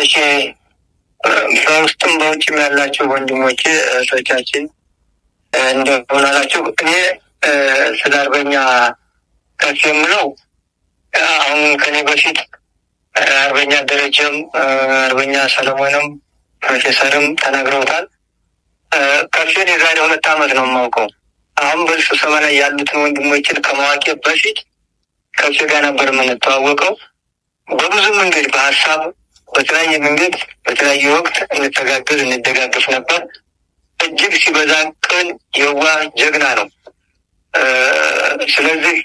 እሺ በውስጥም በውጭም ያላቸው ወንድሞች እህቶቻችን እንደሆናላቸው እኔ ስለ አርበኛ ከፍ የምለው አሁን ከኔ በፊት አርበኛ ደረጀም አርበኛ ሰለሞንም ፕሮፌሰርም ተናግረውታል። ከፍን የዛሬ ሁለት ዓመት ነው የማውቀው። አሁን በሱ ሰማ ላይ ያሉትን ወንድሞችን ከማዋቂ በፊት ከፍ ጋር ነበር የምንተዋወቀው በብዙ መንገድ በሀሳብ በተለያየ መንገድ በተለያየ ወቅት እንተጋገዝ እንደጋገፍ ነበር። እጅግ ሲበዛ ቅን፣ የዋ ጀግና ነው። ስለዚህ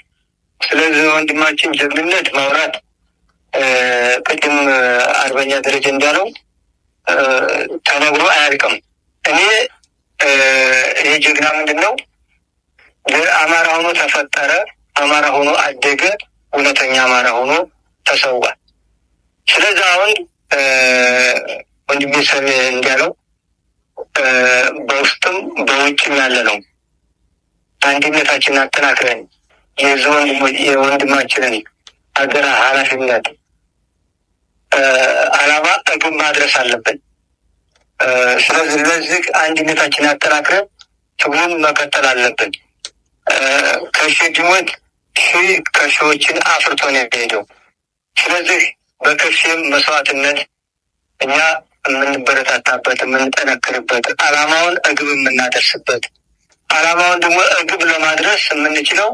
ስለዚህ ወንድማችን ጀግንነት ማውራት ቅድም አርበኛ ደረጀ እንዳለው ተነግሮ አያልቅም። እኔ ይህ ጀግና ምንድን ነው? አማራ ሆኖ ተፈጠረ፣ አማራ ሆኖ አደገ፣ እውነተኛ አማራ ሆኖ ተሰዋ። ስለዚህ አሁን ወንድሜ ሰሜ እንዳለው በውስጥም በውጭም ያለ ነው። አንድነታችንን አጠናክረን የዞን የወንድማችንን ሀገር ኃላፊነት አላማ እግብ ማድረስ አለብን። ስለዚህ ለዚህ አንድነታችንን አጠናክረን ትግሉን መቀጠል አለብን። ከሺህ ድሞት ሺህ ከሺዎችን አፍርቶ ነው የሚሄደው። ስለዚህ በክርስም መስዋዕትነት እኛ የምንበረታታበት የምንጠነክርበት አላማውን እግብ የምናደርስበት አላማውን ደግሞ እግብ ለማድረስ የምንችለው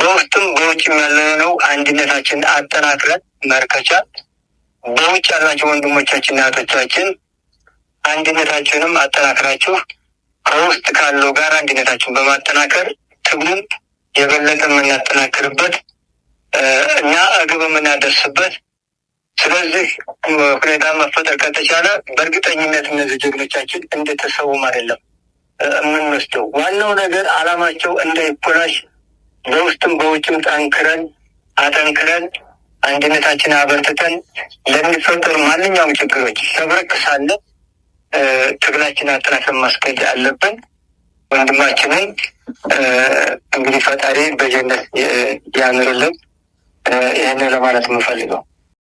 በውስጥም በውጭም ያለነው አንድነታችን አጠናክረን መርከቻ በውጭ ያላቸው ወንድሞቻችን እና አንድነታችንም አጠናክራችሁ ከውስጥ ካለው ጋር አንድነታችን በማጠናከር ትግሉም የበለጠ የምናጠናክርበት እና እግብ የምናደርስበት ስለዚህ ሁኔታ መፈጠር ከተቻለ በእርግጠኝነት እነዚህ ጀግኖቻችን እንደተሰውም አይደለም የምንወስደው። ዋናው ነገር አላማቸው እንዳይኮላሽ በውስጥም በውጭም ጠንክረን አጠንክረን አንድነታችን አበርትተን ለሚፈጠሩ ማንኛውም ችግሮች ሰብረቅ ሳለ ትግላችን አጠናክረን ማስገድ አለብን። ወንድማችንን እንግዲህ ፈጣሪ በጀነት ያኑርልን። ይህን ለማለት የምፈልገው